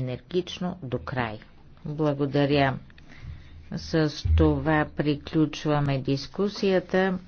енергично до край. Благодаря. С това приключваме дискусията.